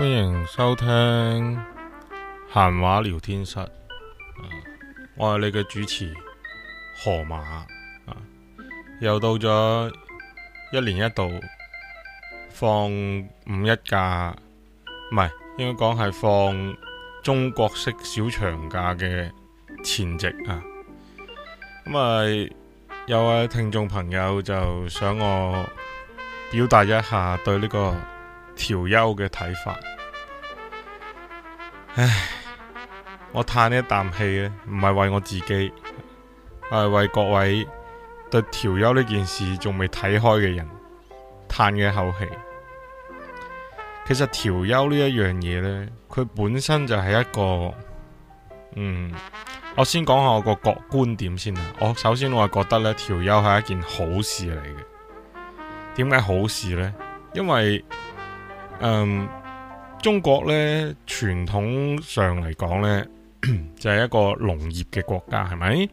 歡迎收聽閒話聊天室，我係你嘅主持河馬啊，又到咗一年一度放五一假，唔係應該講係放中國式小長假嘅前夕啊，咁啊有位聽眾朋友就想我表達一下對呢個調休嘅睇法。唉，我嘆呢一啖氣啊，唔係為我自己，係為各位對調休呢件事仲未睇開嘅人嘆嘅口氣。其實調休呢一樣嘢呢，佢本身就係一個嗯，我先講下我個觀觀點先啦。我首先我係覺得咧，調休係一件好事嚟嘅。點解好事呢？因為嗯。中國咧傳統上嚟講呢就係、是、一個農業嘅國家，係咪？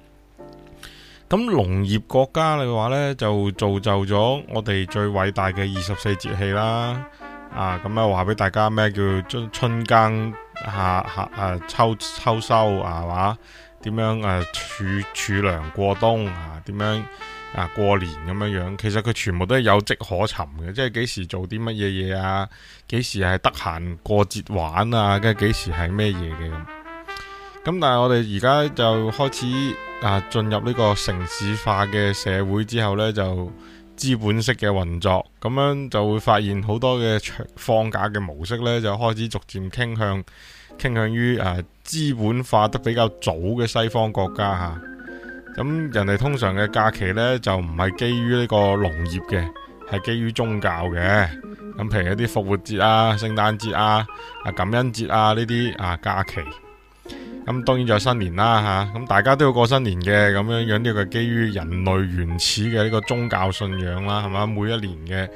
咁農業國家嚟話呢就造就咗我哋最偉大嘅二十四節氣啦。啊，咁啊話俾大家咩叫春春耕、夏夏啊，啊秋，秋秋收啊，話、啊、點樣啊儲儲糧過冬啊，點樣？啊，過年咁樣樣，其實佢全部都係有跡可尋嘅，即係幾時做啲乜嘢嘢啊？幾時係得閒過節玩啊？跟住幾時係咩嘢嘅咁？咁但係我哋而家就開始啊，進入呢個城市化嘅社會之後呢，就資本式嘅運作，咁樣就會發現好多嘅放假嘅模式呢，就開始逐漸傾向傾向於啊資本化得比較早嘅西方國家嚇。啊咁人哋通常嘅假期呢，就唔係基於呢個農業嘅，係基於宗教嘅。咁譬如一啲復活節啊、聖誕節啊、啊感恩節啊呢啲啊假期。咁當然就新年啦吓，咁、啊、大家都要過新年嘅。咁樣樣呢、這個基於人類原始嘅呢個宗教信仰啦，係嘛？每一年嘅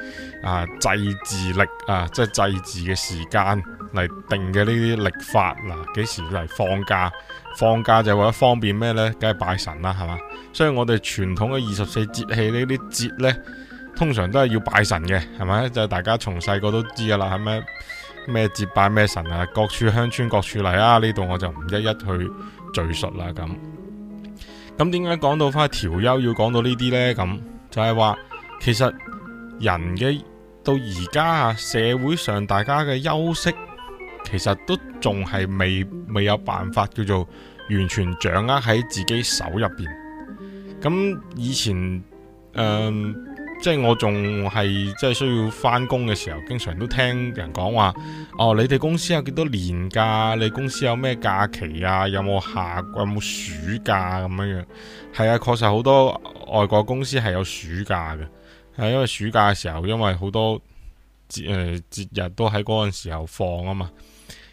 啊祭祀曆，啊，即係祭祀嘅、啊就是、時間嚟定嘅呢啲曆法嗱，幾時嚟放假？放假就為咗方便咩呢？梗係拜神啦，係嘛？所以我哋傳統嘅二十四節氣呢啲節呢，通常都係要拜神嘅，係咪？就係大家從細個都知噶啦，係咪咩節拜咩神啊？各處鄉村各處嚟！啊！呢度我就唔一一去敘述啦，咁。咁點解講到返調休要講到呢啲呢？咁就係話，其實人嘅到而家啊，社會上大家嘅休息。其實都仲係未未有辦法叫做完全掌握喺自己手入邊。咁以前誒，即、呃、係、就是、我仲係即係需要翻工嘅時候，經常都聽人講話，哦，你哋公司有幾多年假？你公司有咩假期啊？有冇下？有冇暑假？咁樣樣。係啊，確實好多外國公司係有暑假嘅，係、啊、因為暑假嘅時候，因為好多。誒節日都喺嗰陣時候放啊嘛，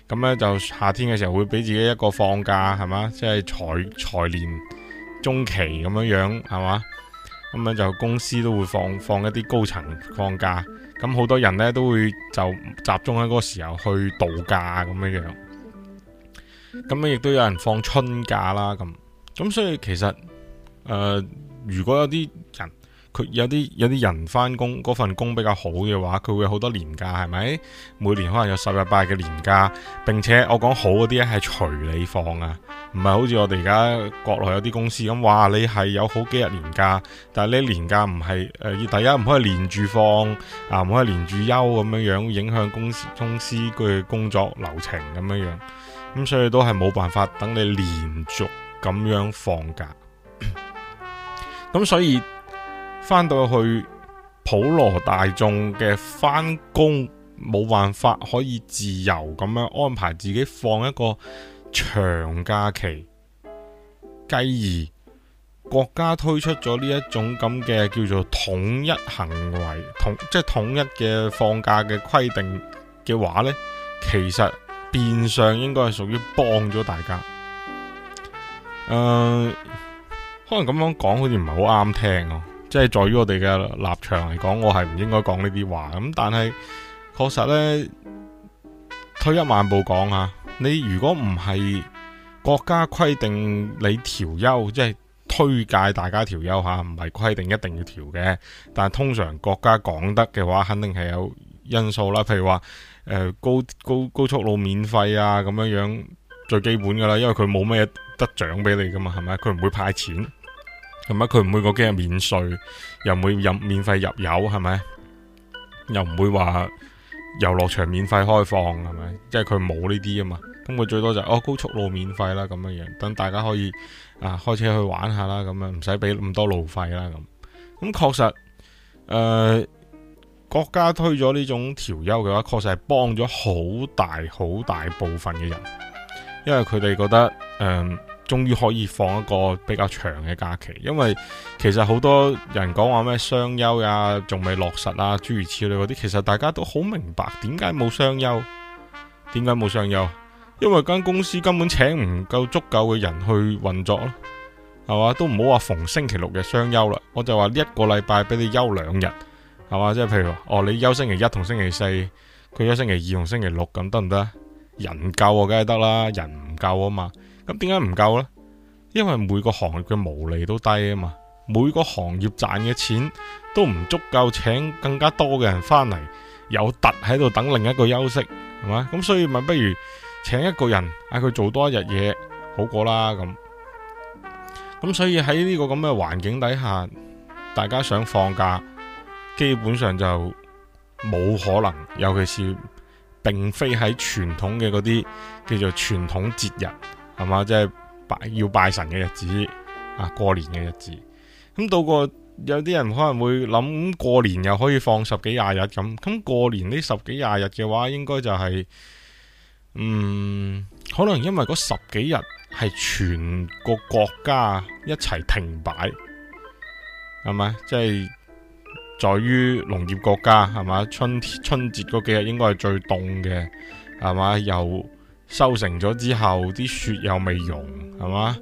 咁咧就夏天嘅時候會俾自己一個放假係嘛，即係財財年中期咁樣樣係嘛，咁樣就公司都會放放一啲高層放假，咁好多人呢都會就集中喺嗰個時候去度假咁樣樣，咁咧亦都有人放春假啦咁，咁所以其實誒、呃、如果有啲人。有啲有啲人翻工嗰份工比較好嘅話，佢會有好多年假係咪？每年可能有十日八嘅年假。並且我講好嗰啲咧係隨你放啊，唔係好似我哋而家國內有啲公司咁。哇！你係有好幾日年假，但係你年假唔係誒，第一唔可以連住放啊，唔可以連住休咁樣樣，影響公司公司嘅工作流程咁樣樣。咁所以都係冇辦法等你連續咁樣放假。咁 所以。翻到去普羅大眾嘅返工，冇辦法可以自由咁樣安排自己放一個長假期，繼而國家推出咗呢一種咁嘅叫做統一行為，統即係、就是、統一嘅放假嘅規定嘅話呢，其實變相應該係屬於幫咗大家。誒、呃，可能咁樣講好似唔係好啱聽即係在於我哋嘅立場嚟講，我係唔應該講呢啲話咁。但係確實呢，推一萬步講下：你如果唔係國家規定你調休，即係推介大家調休吓，唔係規定一定要調嘅。但係通常國家講得嘅話，肯定係有因素啦。譬如話誒、呃、高高高速路免費啊咁樣樣，最基本噶啦，因為佢冇咩得獎俾你噶嘛，係咪？佢唔會派錢。咁啊！佢唔會嗰幾日免稅，又唔會入免費入油，係咪？又唔會話遊樂場免費開放，係咪？即係佢冇呢啲啊嘛。咁佢最多就係、哦，高速路免費啦，咁樣樣等大家可以啊開車去玩一下啦，咁樣唔使俾咁多路費啦，咁咁確實誒、呃，國家推咗呢種調休嘅話，確實係幫咗好大好大部分嘅人，因為佢哋覺得誒。呃終於可以放一個比較長嘅假期，因為其實好多人講話咩雙休啊，仲未落實啦，諸如此類嗰啲，其實大家都好明白點解冇雙休，點解冇雙休？因為間公司根本請唔夠足夠嘅人去運作咯，係嘛？都唔好話逢星期六嘅雙休啦，我就話一個禮拜俾你休兩日，係嘛？即係譬如話哦，你休星期一同星期四，佢休星期二同星期六咁得唔得啊？人夠啊梗係得啦，人唔夠啊嘛。咁點解唔夠呢？因為每個行業嘅毛利都低啊嘛，每個行業賺嘅錢都唔足夠，請更加多嘅人返嚟有突喺度等另一個休息係嘛，咁所以咪不如請一個人嗌佢做多一日嘢好過啦咁。咁所以喺呢個咁嘅環境底下，大家想放假基本上就冇可能，尤其是並非喺傳統嘅嗰啲叫做傳統節日。係嘛，即係拜要拜神嘅日子啊，過年嘅日子。咁到個有啲人可能會諗，過年又可以放十幾廿日咁。咁過年呢十幾廿日嘅話，應該就係，嗯，可能因為嗰十幾日係全個國家一齊停擺，係咪？即係在於農業國家，係嘛？春春節嗰幾日應該係最凍嘅，係嘛？又。收成咗之後，啲雪又未融，係嘛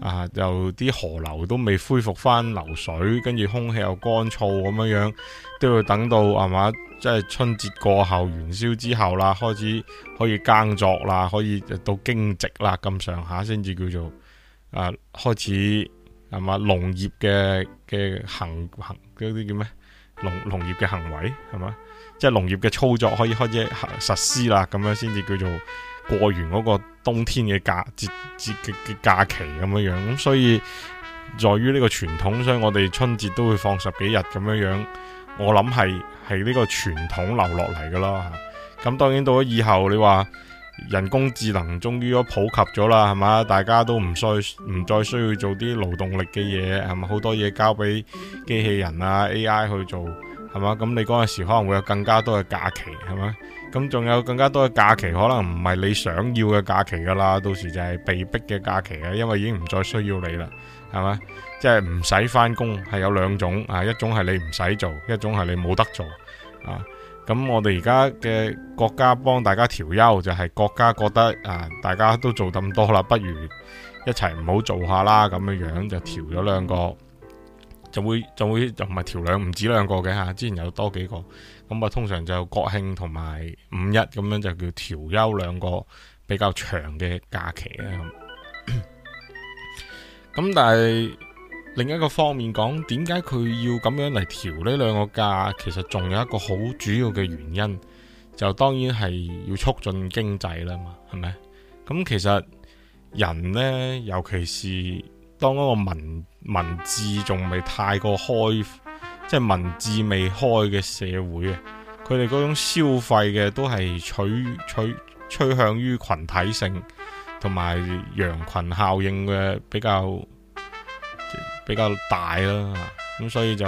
啊？又啲河流都未恢復返流水，跟住空氣又乾燥咁樣樣，都要等到係嘛，即係春節過後元宵之後啦，開始可以耕作啦，可以到耕植啦，咁上下先至叫做啊，開始係嘛，農業嘅嘅行行啲叫咩農農業嘅行為係嘛，即係農業嘅操作可以開始行實施啦，咁樣先至叫做。過完嗰個冬天嘅假節節嘅假期咁樣樣，咁所以在於呢個傳統，所以我哋春節都會放十幾日咁樣樣。我諗係係呢個傳統留落嚟噶咯。咁、嗯、當然到咗以後，你話人工智能終於都普及咗啦，係嘛？大家都唔再唔再需要做啲勞動力嘅嘢，係咪好多嘢交俾機器人啊 AI 去做？係嘛？咁你嗰陣時候可能會有更加多嘅假期，係嘛？咁仲有更加多嘅假期，可能唔係你想要嘅假期噶啦。到時就係被逼嘅假期啊，因為已經唔再需要你啦，係嘛？即係唔使返工，係有兩種啊，一種係你唔使做，一種係你冇得做啊。咁我哋而家嘅國家幫大家調休，就係、是、國家覺得啊，大家都做咁多啦，不如一齊唔好做下啦，咁樣樣就調咗兩個。就會就會唔係調兩，唔止兩個嘅吓，之前有多幾個，咁啊通常就國慶同埋五一咁樣，就叫調休兩個比較長嘅假期咧咁。咁但係另一個方面講，點解佢要咁樣嚟調呢兩個假？其實仲有一個好主要嘅原因，就當然係要促進經濟啦嘛，係咪？咁其實人呢，尤其是。當嗰個文文字仲未太過開，即係文字未開嘅社會啊，佢哋嗰種消費嘅都係取取趨向於群體性同埋羊群效應嘅比較比較大啦，咁所以就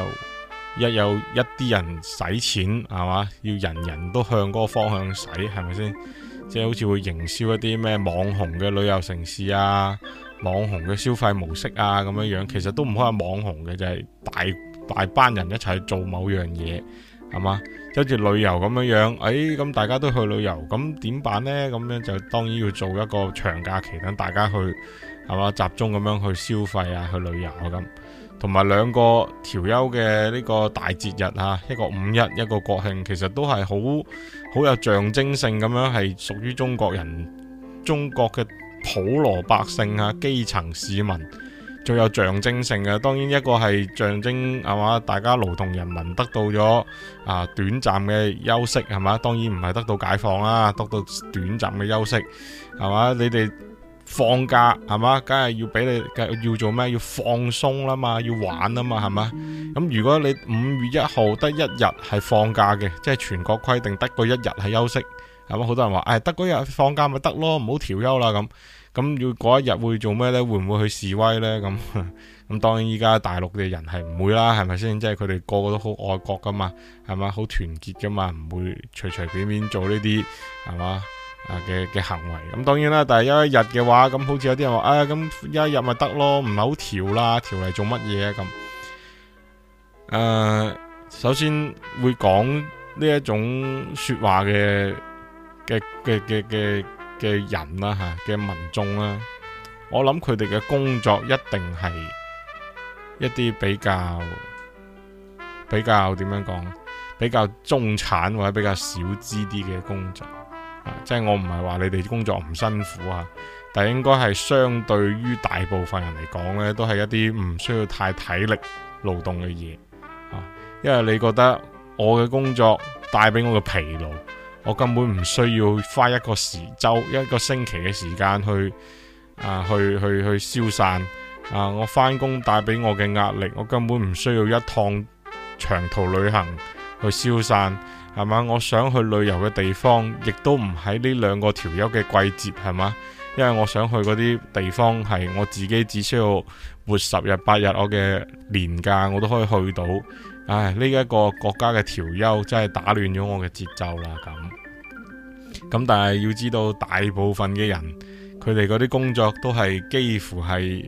一有一啲人使錢係嘛，要人人都向嗰個方向使係咪先？即係，就是，好似會營銷一啲咩網紅嘅旅遊城市啊，網紅嘅消費模式啊，咁樣樣其實都唔可能係網紅嘅，就係、是、大大班人一齊做某樣嘢，係嘛？就好似旅遊咁樣樣，誒、哎，咁大家都去旅遊，咁點辦呢？咁樣就當然要做一個長假期等大家去，係嘛？集中咁樣去消費啊，去旅遊啊咁，同埋兩個調休嘅呢個大節日啊，一個五一，一個國慶，其實都係好好有象徵性咁樣，係屬於中國人，中國嘅。普羅百姓啊，基層市民，最有象徵性嘅，當然一個係象徵係嘛，大家勞動人民得到咗啊短暫嘅休息係嘛，當然唔係得到解放啦、啊，得到短暫嘅休息係嘛，你哋放假係嘛，梗係要俾你要做咩？要放鬆啦嘛，要玩啦嘛係嘛，咁如果你五月一號得一日係放假嘅，即係全國規定得個一日係休息。咁好多人話，唉、哎，得嗰日放假咪得咯，唔好調休啦咁。咁要嗰一日會做咩呢？會唔會去示威呢？咁咁當然依家大陸嘅人係唔會啦，係咪先？即係佢哋個個都好愛國噶嘛，係嘛，好團結噶嘛，唔會隨隨便便做呢啲係嘛嘅嘅行為。咁當然啦，但係有一日嘅話，咁好似有啲人話，啊咁一日咪得咯，唔係好調啦，調嚟做乜嘢啊咁。誒、呃，首先會講呢一種說話嘅。嘅嘅嘅嘅嘅人啦、啊、吓，嘅民眾啦、啊，我諗佢哋嘅工作一定係一啲比較比較點樣講，比較中產或者比較小資啲嘅工作，啊、即係我唔係話你哋工作唔辛苦啊，但係應該係相對於大部分人嚟講呢，都係一啲唔需要太體力勞動嘅嘢、啊，因為你覺得我嘅工作帶俾我嘅疲勞。我根本唔需要花一個時週一個星期嘅時間去啊，去去去消散啊！我返工帶俾我嘅壓力，我根本唔需要一趟長途旅行去消散，係嘛？我想去旅遊嘅地方，亦都唔喺呢兩個調休嘅季節，係嘛？因為我想去嗰啲地方係我自己只需要活十日八日，我嘅年假我都可以去到。唉，呢、這、一個國家嘅調休真係打亂咗我嘅節奏啦。咁咁，但係要知道，大部分嘅人佢哋嗰啲工作都係幾乎係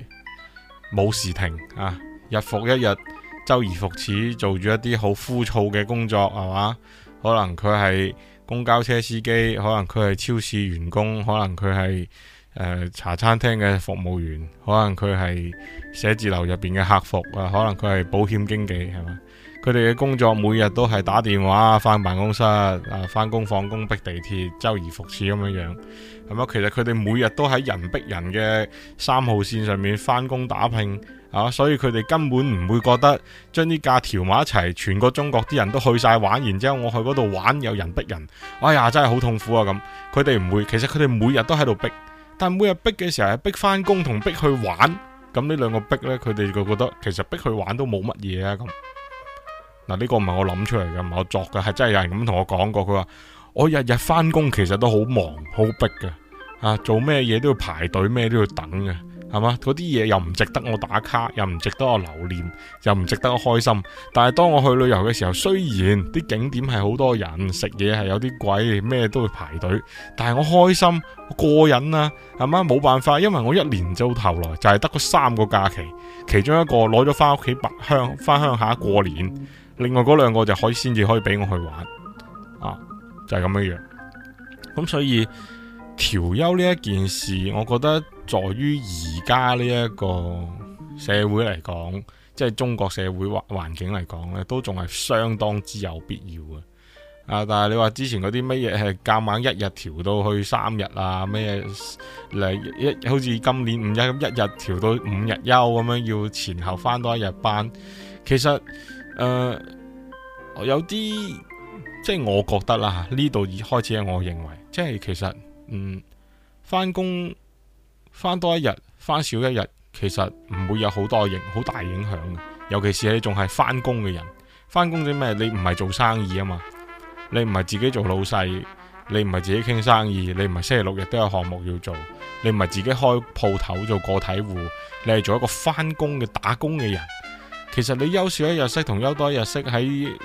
冇時停啊，日復一日，周而復始做住一啲好枯燥嘅工作，係嘛？可能佢係公交車司機，可能佢係超市員工，可能佢係、呃、茶餐廳嘅服務員，可能佢係寫字樓入邊嘅客服啊，可能佢係保險經紀，係嘛？佢哋嘅工作每日都係打電話翻辦公室啊，翻工放工逼地鐵，周而復始咁樣樣，係咪？其實佢哋每日都喺人逼人嘅三號線上面翻工打拼啊，所以佢哋根本唔會覺得將啲假調埋一齊，全個中國啲人都去晒玩，然之後我去嗰度玩有人逼人，哎呀，真係好痛苦啊！咁佢哋唔會，其實佢哋每日都喺度逼，但每日逼嘅時候係逼翻工同逼去玩，咁呢兩個逼呢，佢哋就覺得其實逼去玩都冇乜嘢啊咁。嗱，呢個唔係我諗出嚟嘅，唔係我作嘅，係真係有人咁同我講過。佢話：我日日翻工，其實都好忙，好逼嘅，啊，做咩嘢都要排隊，咩都要等嘅，係嘛？嗰啲嘢又唔值得我打卡，又唔值得我留念，又唔值得我開心。但係當我去旅遊嘅時候，雖然啲景點係好多人，食嘢係有啲貴，咩都會排隊，但係我開心我過癮呀，啊，係嘛？冇辦法，因為我一年到頭來就係得嗰三個假期，其中一個攞咗翻屋企白鄉翻鄉下過年。另外嗰兩個就可以先至可以俾我去玩啊，就係咁樣樣。咁所以調休呢一件事，我覺得在於而家呢一個社會嚟講，即係中國社會環境嚟講呢都仲係相當之有必要嘅。啊，但係你話之前嗰啲咩嘢係夾硬一日調到去三日啊，咩嘢嚟一,一好似今年五一咁一日調到五日休咁樣，要前後翻多一日班，其實。誒、呃，有啲即係我覺得啦，呢度已開始。我認為即係其實，嗯，翻工翻多一日，翻少一日，其實唔會有好多影、好大影響嘅。尤其是你仲係翻工嘅人，翻工啲咩？你唔係做生意啊嘛，你唔係自己做老細，你唔係自己傾生意，你唔係星期六日都有項目要做，你唔係自己開鋪頭做個體戶，你係做一個翻工嘅打工嘅人。其實你休少一日息同休多一日息喺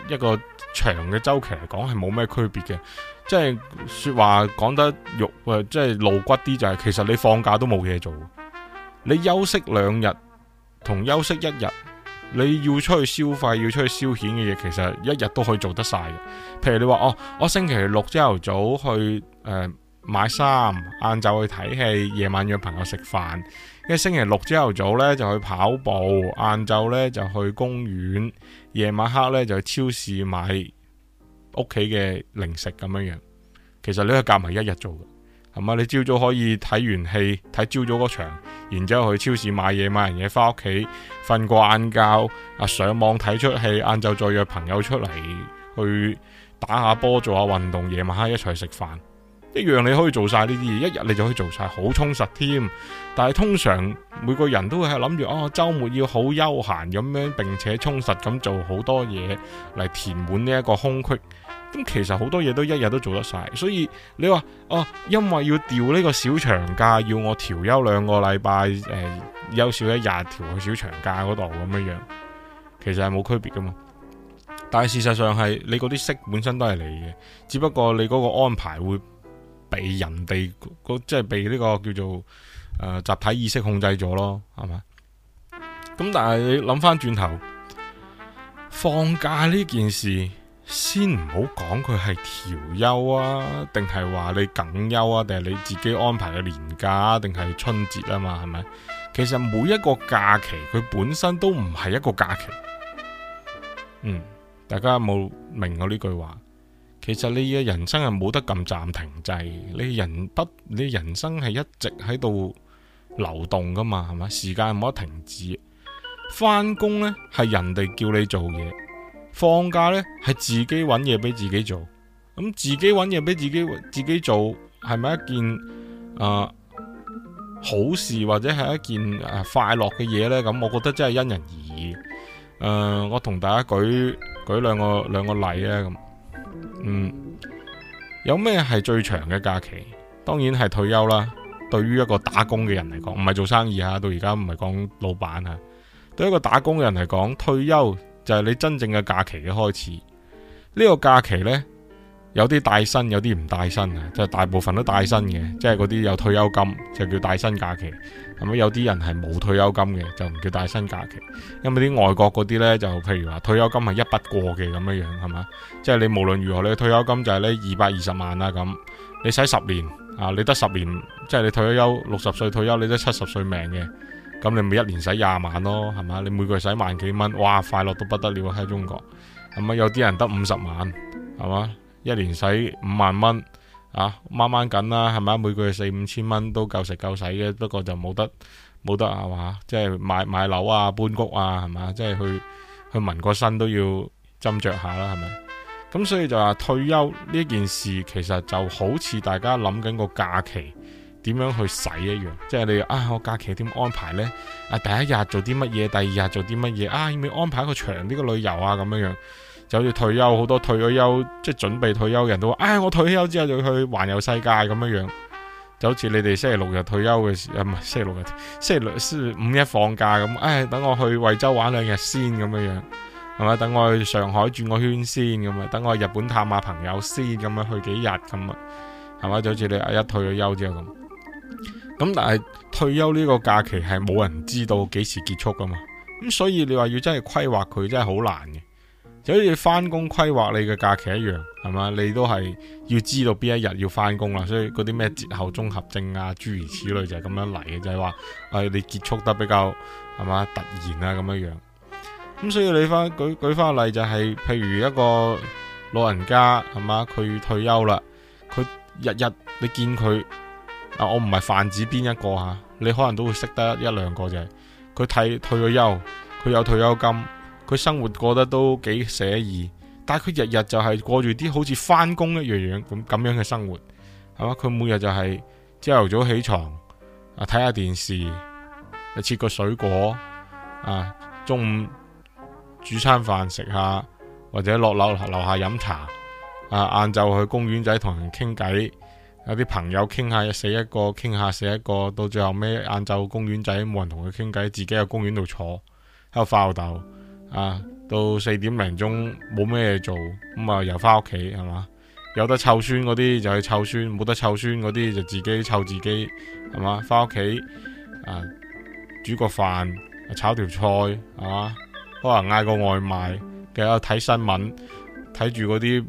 一個長嘅周期嚟講係冇咩區別嘅，即係說話講得肉即係露骨啲就係，其實你放假都冇嘢做，你休息兩日同休息一日，你要出去消費要出去消遣嘅嘢，其實一日都可以做得晒嘅。譬如你話哦，我星期六朝頭早去誒、呃、買衫，晏晝去睇戲，夜晚約朋友食飯。一星期六朝頭早呢，就去跑步，晏晝呢，就去公園，夜晚黑呢，就去超市買屋企嘅零食咁樣樣。其實呢個夾埋一日做嘅，係嘛？你朝早可以睇完戲，睇朝早嗰場，然之後去超市買嘢，買完嘢翻屋企瞓個晏覺，啊上網睇出戲，晏晝再約朋友出嚟去打下波，做下運動，夜晚黑一齊食飯。一樣你可以做晒呢啲嘢，一日你就可以做晒，好充實添。但係通常每個人都係諗住哦，周末要好休閒咁樣，並且充實咁做好多嘢嚟填滿呢一個空隙。咁其實好多嘢都一日都做得晒，所以你話哦，因為要調呢個小長假，要我調休兩個禮拜，誒、呃，休少一日調去小長假嗰度咁樣樣，其實係冇區別噶嘛。但係事實上係你嗰啲息本身都係你嘅，只不過你嗰個安排會。被人哋即係被呢、這個叫做誒、呃、集體意識控制咗咯，係嘛？咁但係你諗翻轉頭放假呢件事，先唔好講佢係調休啊，定係話你梗休啊，定係你自己安排嘅年假，定係春節啊嘛？係咪？其實每一個假期佢本身都唔係一個假期。嗯，大家有冇明我呢句話？其實你嘅人生係冇得咁暫停制，就是、你人得，你人生係一直喺度流動噶嘛，係嘛？時間冇得停止的。翻工呢係人哋叫你做嘢，放假呢係自己揾嘢俾自己做。咁自己揾嘢俾自己自己做，係咪一件啊、呃、好事或者係一件誒快樂嘅嘢呢？咁我覺得真係因人而異。誒、呃，我同大家舉舉兩個兩個例咧咁、啊。嗯，有咩係最長嘅假期？當然係退休啦。對於一個打工嘅人嚟講，唔係做生意吓，啊，到而家唔係講老闆吓，啊，對一個打工嘅人嚟講，退休就係你真正嘅假期嘅開始。呢、這個假期呢。有啲帶薪，有啲唔帶薪啊，即係大部分都帶薪嘅，即係嗰啲有退休金就叫帶薪假期，有啲人係冇退休金嘅，就唔叫帶薪假期。因為啲外國嗰啲呢，就譬如話退休金係一筆過嘅咁樣樣，係嘛？即係你無論如何你退休金就係呢二百二十萬啊咁，你使十年啊，你得十年，即係你退咗休六十歲退休，你得七十歲命嘅，咁你咪一年使廿萬咯，係嘛？你每個月使萬幾蚊，哇！快樂都不得了，喺中國，係咪？有啲人得五十萬，係嘛？一年使五萬蚊啊，掹掹緊啦，係咪？每個月四五千蚊都夠食夠使嘅，不過就冇得冇得啊嘛，即係買，買樓啊、搬屋啊，係咪啊？即係去去紋個身都要斟酌下啦，係咪？咁所以就話退休呢件事其實就好似大家諗緊個假期點樣去使一樣，即係你啊，我假期點安排呢？啊，第一日做啲乜嘢？第二日做啲乜嘢？啊，要唔要安排一個長啲嘅旅遊啊？咁樣樣。就好似退休，好多退咗休，即係準備退休嘅人都話：，唉、哎，我退休之後就去環遊世界咁樣樣。就好似你哋星期六日退休嘅時，唔係星期六日，星期六、星期五一放假咁，唉、哎，等我去惠州玩兩日先咁樣樣，係咪？等我去上海轉個圈先咁啊？等我去日本探下朋友先咁樣去幾日咁啊？係咪？就好似你阿一退咗休之後咁。咁但係退休呢個假期係冇人知道幾時結束噶嘛？咁所以你話要真係規劃佢真係好難嘅。就好似翻工規劃你嘅假期一樣，係嘛？你都係要知道邊一日要翻工啦，所以嗰啲咩節後綜合症啊，諸如此類就係咁樣嚟嘅，就係話誒你結束得比較係嘛突然啊咁樣樣。咁所以你翻舉舉翻個例就係、是，譬如一個老人家係嘛，佢退休啦，佢日日你見佢啊，我唔係泛指邊一個吓，你可能都會識得一兩個就係，佢退退咗休，佢有退休金。佢生活過得都幾寫意，但係佢日日就係過住啲好似返工一樣樣咁咁樣嘅生活，係嘛？佢每日就係朝頭早起床啊，睇下電視，切個水果，啊中午煮餐飯食下，或者落樓樓下飲茶，啊晏晝去公園仔同人傾偈，有啲朋友傾下死一個，傾下死一個，到最後尾晏晝公園仔冇人同佢傾偈，自己喺公園度坐喺度發吽哣。啊，到四點零鐘冇咩做，咁啊又翻屋企係嘛？有得湊孫嗰啲就去湊孫，冇得湊孫嗰啲就自己湊自己係嘛？翻屋企煮個飯，炒條菜係嘛？可能嗌個外賣，佢又睇新聞，睇住嗰啲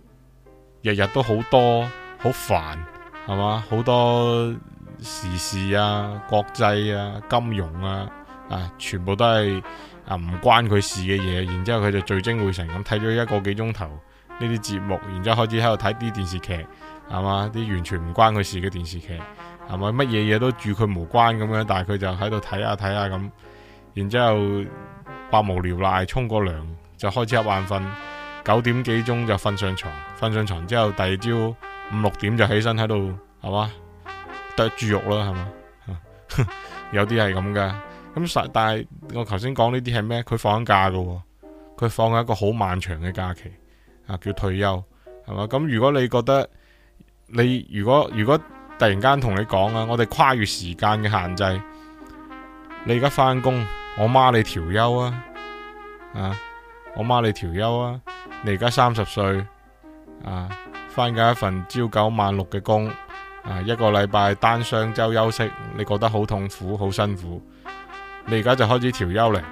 日日都好多，好煩係嘛？好多時事啊、國際啊、金融啊，啊，全部都係。啊！唔關佢事嘅嘢，然之後佢就聚精會神咁睇咗一個幾鐘頭呢啲節目，然之後開始喺度睇啲電視劇，係嘛？啲完全唔關佢事嘅電視劇，係咪乜嘢嘢都與佢無關咁樣？但係佢就喺度睇下睇下咁，然之後百無聊賴，沖個涼就開始一晚瞓，九點幾鐘就瞓上床，瞓上床之後第二朝五六點就起身喺度，係嘛？剁豬肉啦，係嘛？ 有啲係咁噶。咁實但係我頭先講呢啲係咩？佢放緊假噶，佢放咗一個好漫長嘅假期啊，叫退休係嘛？咁如果你覺得你如果如果突然間同你講啊，我哋跨越時間嘅限制，你而家返工，我媽你調休啊，啊，我媽你調休啊，你而家三十歲啊，返緊一份朝九晚六嘅工啊，一個禮拜單雙周休息，你覺得好痛苦，好辛苦。你而家就開始調休嚟，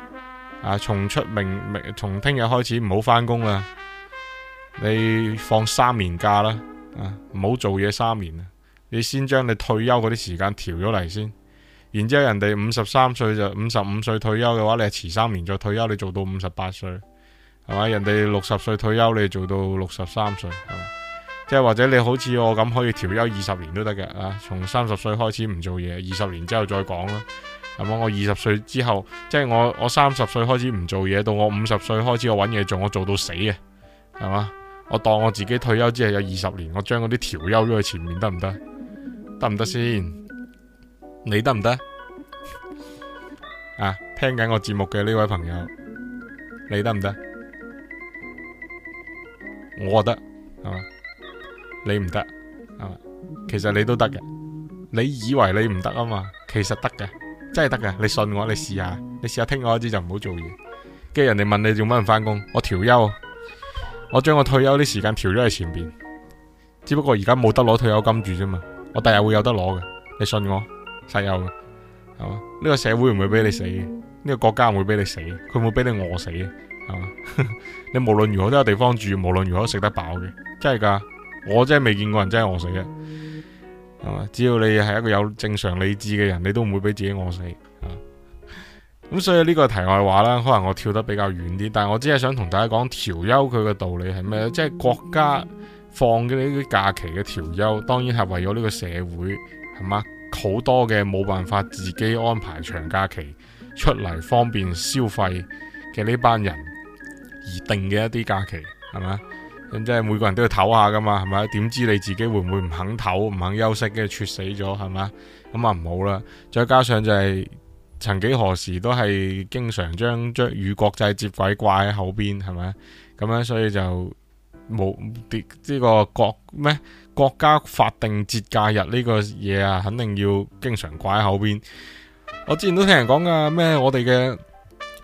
啊，從出明從聽日開始唔好返工啦，你放三年假啦，啊，唔好做嘢三年啊，你先將你退休嗰啲時間調咗嚟先，然之後人哋五十三歲就五十五歲退休嘅話，你係遲三年再退休，你做到五十八歲，係嘛？人哋六十歲退休，你做到六十三歲，係嘛？即係或者你好似我咁，可以調休二十年都得嘅，啊，從三十歲開始唔做嘢，二十年之後再講啦。係我二十歲之後，即係我我三十歲開始唔做嘢，到我五十歲開始我揾嘢做，我做到死啊！係嘛？我當我自己退休之後有二十年，我將嗰啲調休咗去前面得唔得？得唔得先？你得唔得？啊，聽緊我節目嘅呢位朋友，你得唔得？我覺得係嘛？你唔得係嘛？其實你都得嘅，你以為你唔得啊嘛？其實得嘅。真係得噶你信我，你試下，你試下聽我一啲，就唔好做嘢。跟住人哋問你做乜唔翻工？我調休，我將我退休啲時間調咗喺前邊。只不過而家冇得攞退休金住啫嘛，我第日會有得攞嘅。你信我，實有嘅，係嘛？呢個社會唔會俾你死，呢個國家唔會俾你死，佢唔會俾你餓死嘅，係嘛？ 你無論如何都有地方住，無論如何都食得飽嘅，真係噶，我真係未見過人真係餓死嘅。只要你係一個有正常理智嘅人，你都唔會俾自己餓死。咁所以呢個係題外話啦。可能我跳得比較遠啲，但係我只係想同大家講調休佢嘅道理係咩？即係國家放嘅呢啲假期嘅調休，當然係為咗呢個社會，係嘛，好多嘅冇辦法自己安排長假期出嚟方便消費嘅呢班人而定嘅一啲假期係嘛？是即係每個人都要唞下噶嘛，係咪？點知你自己會唔會唔肯唞，唔肯休息，跟住猝死咗，係咪？咁啊唔好啦。再加上就係、係、曾幾何時都係經常將將與國際接軌掛喺後邊，係咪？咁樣所以就冇啲呢個國咩國家法定節假日呢個嘢啊，肯定要經常掛喺後邊。我之前都聽人講噶咩，咩我哋嘅。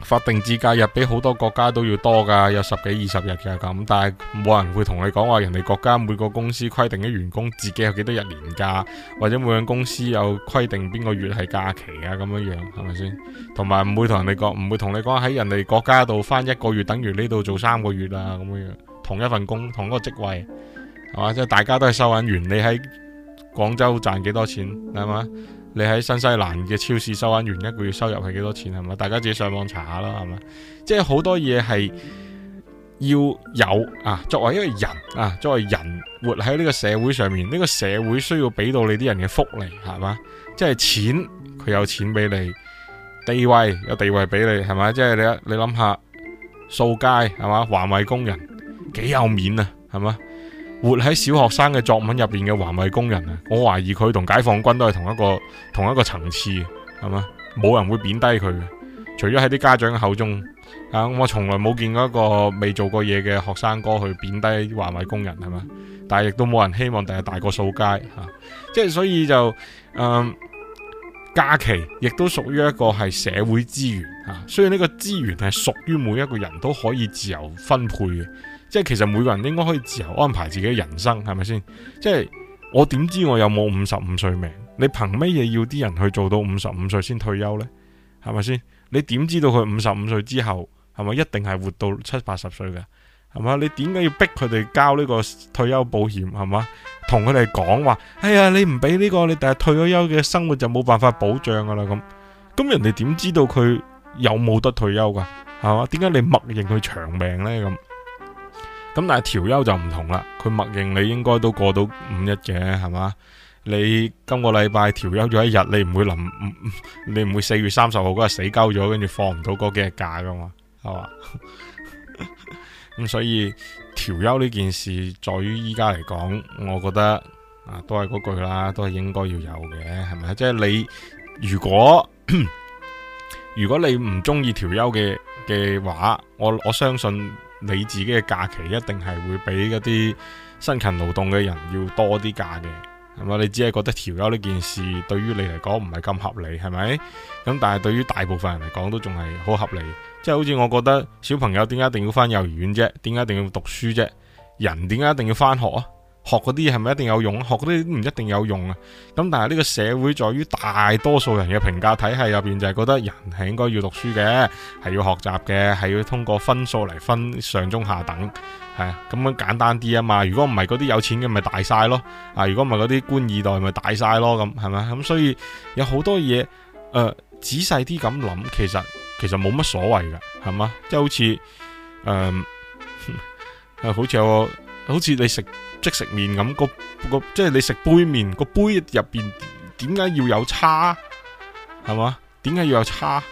法定節假日比好多國家都要多㗎，有十幾二十日㗎。咁，但係冇人會同你講話人哋國家每個公司規定嘅員工自己有幾多日年假，或者每個公司有規定邊個月係假期啊咁樣樣係咪先？同埋唔會同人哋講，唔會同你講喺人哋國家度返一個月，等於呢度做三個月啊咁樣，同一份工，同一個職位係嘛？即係大家都係收銀員，你喺。廣州賺幾多錢係嘛？你喺新西蘭嘅超市收銀員一個月收入係幾多錢係嘛？大家自己上網查下啦係嘛？即係好多嘢，係要有啊，作為一個人啊，作為人活喺呢個社會上面，呢、呢個社會需要俾到你啲人嘅福利係嘛？即係、就是、錢佢有錢俾你，地位有地位俾你係嘛？即係、就是、你你諗下掃街係嘛？環衛工人幾有面啊係嘛？活喺小學生嘅作文入邊嘅環衛工人啊，我懷疑佢同解放軍都係同一個同一個層次，係嘛？冇人會貶低佢嘅，除咗喺啲家長嘅口中啊，我從來冇見過一個未做過嘢嘅學生哥去貶低環衛工人，係嘛？但係亦都冇人希望第日大個掃街吓，即、啊、係所以就、嗯、假期亦都屬於一個係社會資源吓，雖然呢個資源係屬於每一個人都可以自由分配嘅。即係其實每個人應該可以自由安排自己嘅人生，係咪先？即係我點知我有冇五十五歲命？你憑乜嘢要啲人去做到五十五歲先退休呢？係咪先？你點知道佢五十五歲之後係咪一定係活到七八十歲嘅？係嘛？你點解要逼佢哋交呢個退休保險？係嘛？同佢哋講話，哎呀，你唔俾呢個，你第日退咗休嘅生活就冇辦法保障噶啦咁。咁人哋點知道佢有冇得退休噶？係嘛？點解你默認佢長命呢？咁？咁但係調休就唔同啦，佢默認你應該都過到五一嘅係嘛？你今個禮拜調休咗一日，你唔會臨，你唔會四月三十號嗰日死鳩咗，跟住放唔到嗰幾日假噶嘛？係嘛？咁 所以調休呢件事，在於依家嚟講，我覺得啊，都係嗰句啦，都係應該要有嘅，係咪？即係你如果 如果你唔中意調休嘅嘅話，我我相信。你自己嘅假期一定係會比嗰啲辛勤勞動嘅人要多啲假嘅，係嘛？你只係覺得調休呢件事對於你嚟講唔係咁合理，係咪？咁但係對於大部分人嚟講都仲係好合理，即係好似我覺得小朋友點解一定要翻幼兒園啫？點解一定要讀書啫？人點解一定要翻學啊？學嗰啲嘢係咪一定有用？學嗰啲唔一定有用啊！咁但係呢個社會在於大多數人嘅評價體系入邊，就係覺得人係應該要讀書嘅，係要學習嘅，係要通過分數嚟分上中下等，係咁樣簡單啲啊嘛！如果唔係嗰啲有錢嘅咪大晒咯，啊如果唔係嗰啲官二代咪大晒咯，咁係咪？咁所以有好多嘢，誒、呃、仔細啲咁諗，其實其實冇乜所謂噶，係嘛？即係好似誒、嗯，好似有個好似你食。即食麵咁個個即係你食杯麵，個杯入邊點解要有叉，係嘛？點解要有叉？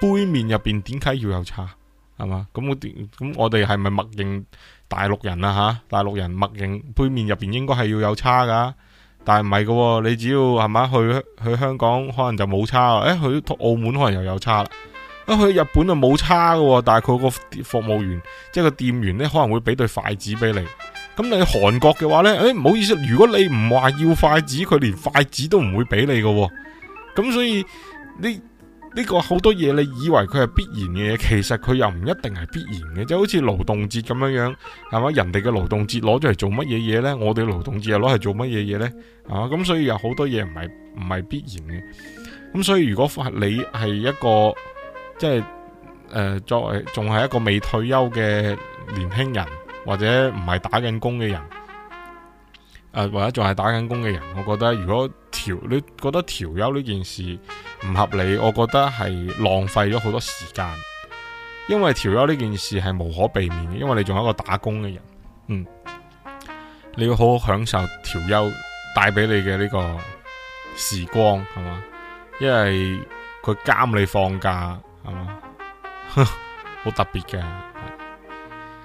杯麵入邊點解要有叉？係嘛？咁我咁我哋係咪默認大陸人啊，吓、啊？大陸人默認杯麵入邊應該係要有叉噶、啊，但係唔係噶？你只要係咪去去香港可能就冇叉，誒、欸、去澳門可能又有叉啦，啊去日本就冇叉噶、哦，但係佢個服務員即係個店員呢，可能會俾對筷子俾你。咁你韓國嘅話呢？誒、哎、唔好意思，如果你唔話要筷子，佢連筷子都唔會俾你嘅，咁所以呢呢、呢個好多嘢，你以為佢係必然嘅，嘢，其實佢又唔一定係必然嘅，就好似勞動節咁樣樣，係嘛？人哋嘅勞動節攞咗嚟做乜嘢嘢呢？我哋勞動節又攞嚟做乜嘢嘢呢？啊，咁所以有好多嘢唔係唔係必然嘅，咁所以如果你係一個即係、呃、作為仲係一個未退休嘅年輕人。或者唔係打緊工嘅人，誒、呃，或者仲係打緊工嘅人，我覺得如果調，你覺得調休呢件事唔合理，我覺得係浪費咗好多時間，因為調休呢件事係無可避免嘅，因為你仲係一個打工嘅人，嗯，你要好好享受調休帶俾你嘅呢個時光，係嘛，因為佢監你放假，係嘛，好特別嘅。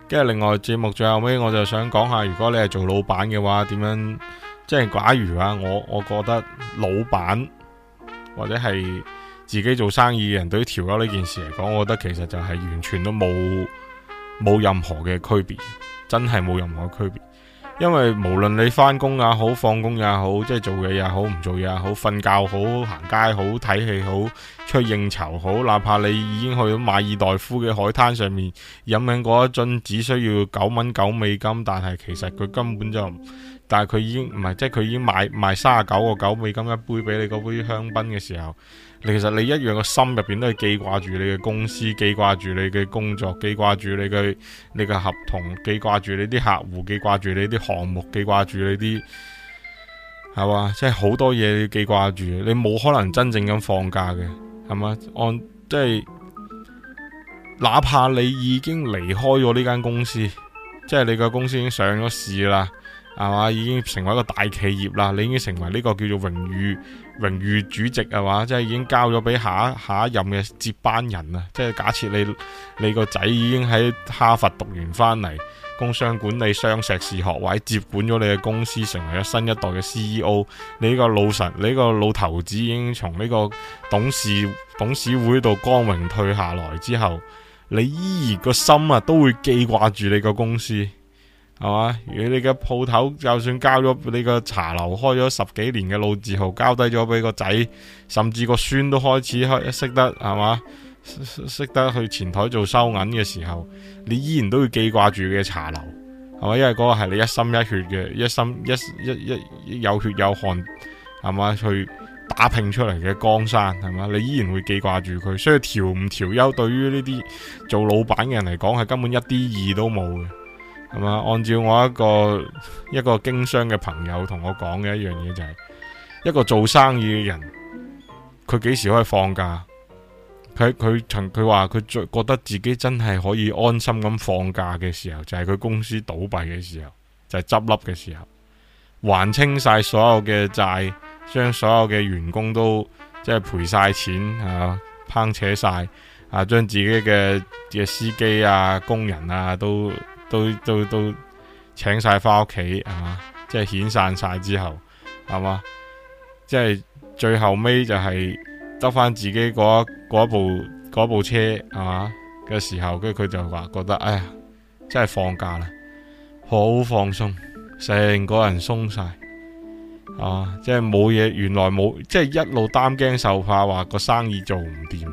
跟住另外節目最後尾，我就想講下，如果你係做老闆嘅話，點樣？即係假如啊，我我覺得老闆或者係自己做生意嘅人，對於調休呢件事嚟講，我覺得其實就係完全都冇冇任何嘅區別，真係冇任何區別。因為無論你翻工也好，放工也好，即係做嘢也好，唔做嘢也好，瞓覺好，行街好，睇戲好，出應酬好，哪怕你已經去到馬爾代夫嘅海灘上面飲緊嗰一樽，只需要九蚊九美金，但係其實佢根本就，但係佢已經唔係，即係佢已經賣賣三十九個九美金一杯俾你嗰杯香檳嘅時候，你其實你一樣嘅心入邊都係記掛住你嘅公司，記掛住你嘅工作，記掛住你嘅你嘅合同，記掛住你啲客戶，記掛住你啲項目，記掛住你啲係嘛？即係好多嘢要記掛住，你冇可能真正咁放假嘅。係嘛？按，即係，哪怕你已經離開咗呢間公司，即係你個公司已經上咗市啦，係嘛？已經成為一個大企業啦，你已經成為呢個叫做榮譽。榮譽主席啊嘛，即係已經交咗俾下一下一任嘅接班人啊！即係假設你你個仔已經喺哈佛讀完翻嚟工商管理商碩士學位，接管咗你嘅公司，成為咗新一代嘅 CEO，你呢個老神，你呢個老頭子已經從呢個董事董事會度光榮退下來之後，你依然個心啊都會記掛住你個公司。係嘛？如果你嘅鋪頭就算交咗，你個茶樓開咗十幾年嘅老字號，交低咗俾個仔，甚至個孫都開始開，識得係嘛，識得去前台做收銀嘅時候，你依然都會記掛住嘅茶樓，係嘛？因為嗰個係你一心一血嘅，一心一一一,一有血有汗，係嘛？去打拼出嚟嘅江山，係嘛？你依然會記掛住佢，所以調唔調休，對於呢啲做老闆嘅人嚟講，係根本一啲意義都冇嘅。係嘛？按照我一個一個經商嘅朋友同我講嘅一樣嘢就係、是，一個做生意嘅人，佢幾時可以放假？佢佢曾佢話佢最覺得自己真係可以安心咁放假嘅時候，就係、是、佢公司倒閉嘅時候，就係執笠嘅時候，還清晒所有嘅債，將所有嘅員工都即係賠晒錢啊，烹扯晒啊，將自己嘅嘅司機啊、工人啊都。都到到，到請晒返屋企係嘛？即係、就是、遣散晒之後係嘛？即係、就是、最後尾就係得返自己嗰部嗰部車係嘛？嘅時候，跟住佢就話覺得哎呀，真係放假啦，好放鬆，成個人鬆晒係嘛？即係冇嘢，原來冇即係一路擔驚受怕，話個生意做唔掂，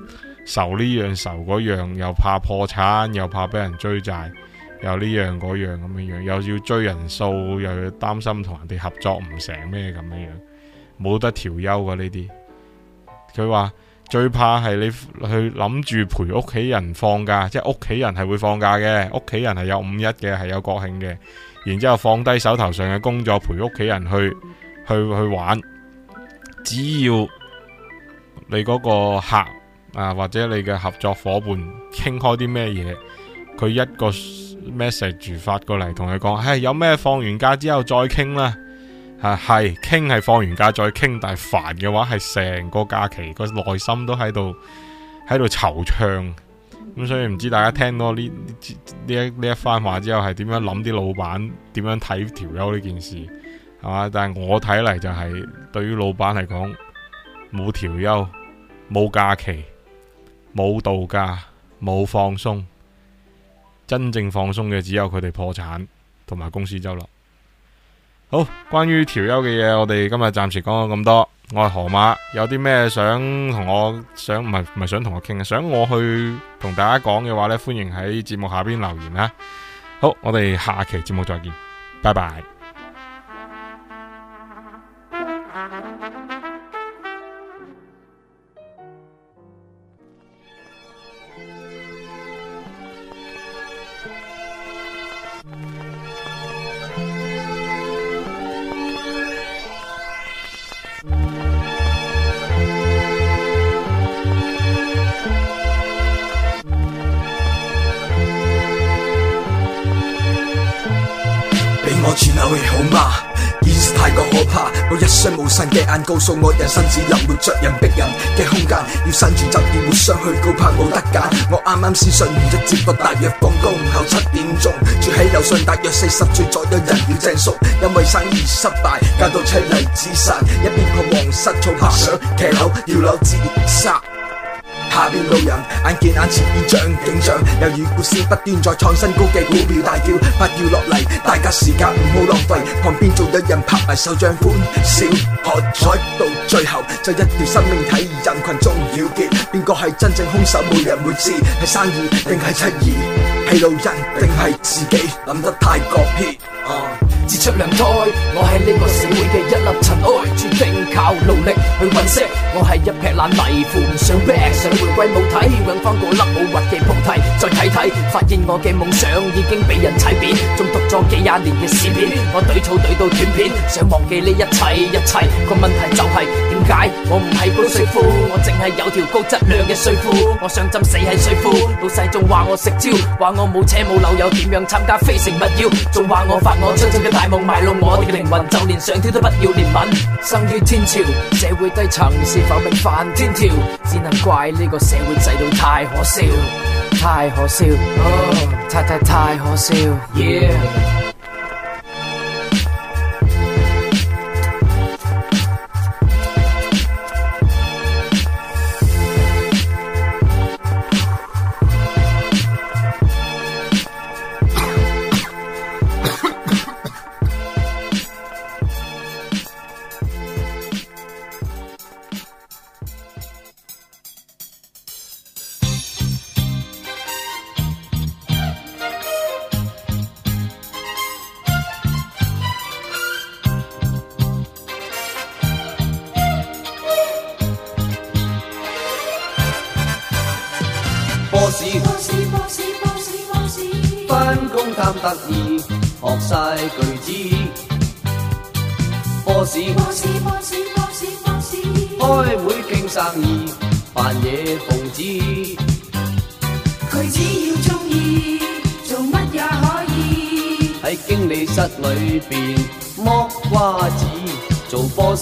愁呢樣愁嗰樣，又怕破產，又怕俾人追債。有呢樣嗰樣咁樣樣，又要追人數，又要擔心同人哋合作唔成咩咁樣樣，冇得調休噶呢啲。佢話最怕係你去諗住陪屋企人放假，即係屋企人係會放假嘅，屋企人係有五一嘅，係有國慶嘅，然之後放低手頭上嘅工作陪屋企人去去去玩。只要你嗰個客啊，或者你嘅合作伙伴傾開啲咩嘢，佢一個。message 發過嚟，同佢講，唉，有咩放完假之後再傾啦，啊係，傾係放完假再傾，但係煩嘅話，係成個假期個內心都喺度喺度惆悵，咁所以唔知大家聽到呢呢一呢一番話之後係點樣諗？啲老闆點樣睇調休呢件事係嘛？但係我睇嚟就係對於老闆嚟講，冇調休、冇假期、冇度假、冇放鬆。真正放鬆嘅只有佢哋破產同埋公司周落。好，關於調休嘅嘢，我哋今日暫時講到咁多。我係河馬，有啲咩想同我想唔係唔係想同我傾啊？想我去同大家講嘅話呢？歡迎喺節目下邊留言啦。好，我哋下期節目再見，拜拜。告訴我，人生只有活着，人逼人嘅空間，要生存就要互相去高攀，冇得揀。我啱啱先上完一節課，大約放工後七點鐘，住喺樓上，大約四十歲左右人要成熟，因為生意失敗，搞到妻離子散，一邊狂妄失措拍相，騎樓要樓自殺。下邊路人眼見眼前呢張景象，由於故事不斷在創新高嘅股票大叫，不要落嚟，大家時間唔好浪費，旁邊仲有人拍埋手掌歡笑喝彩，到最後就一條生命喺人群中了結，邊個係真正兇手冇人會知，係生意定係七二？係路人定係自己，諗得太過偏。跌自出娘胎，我喺呢個社會嘅一粒塵埃，注定靠努力去揾食。我係一劈爛泥，扶唔上壁，想回歸母體，搵翻個粒冇核嘅菩提，再睇睇，發現我嘅夢想已經俾人踩扁，仲讀咗幾廿年嘅史片，我隊草隊到斷片，想忘記呢一切一切，個問題就係點解我唔係高稅夫，我淨係有條高質量嘅稅夫，我想浸死喺稅夫，老細仲話我食蕉，話我冇車冇樓又點樣參加非誠勿擾，仲話我罰我唱唱。大夢埋弄我哋嘅靈魂，我的靈魂就連上天都不要憐憫。生於天朝，社會底層是否命犯天條？只能怪呢個社會制度太可笑，太可笑，oh, 太太太可笑。Yeah.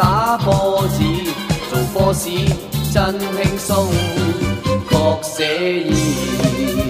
打波子，做波士，真輕鬆，確寫意。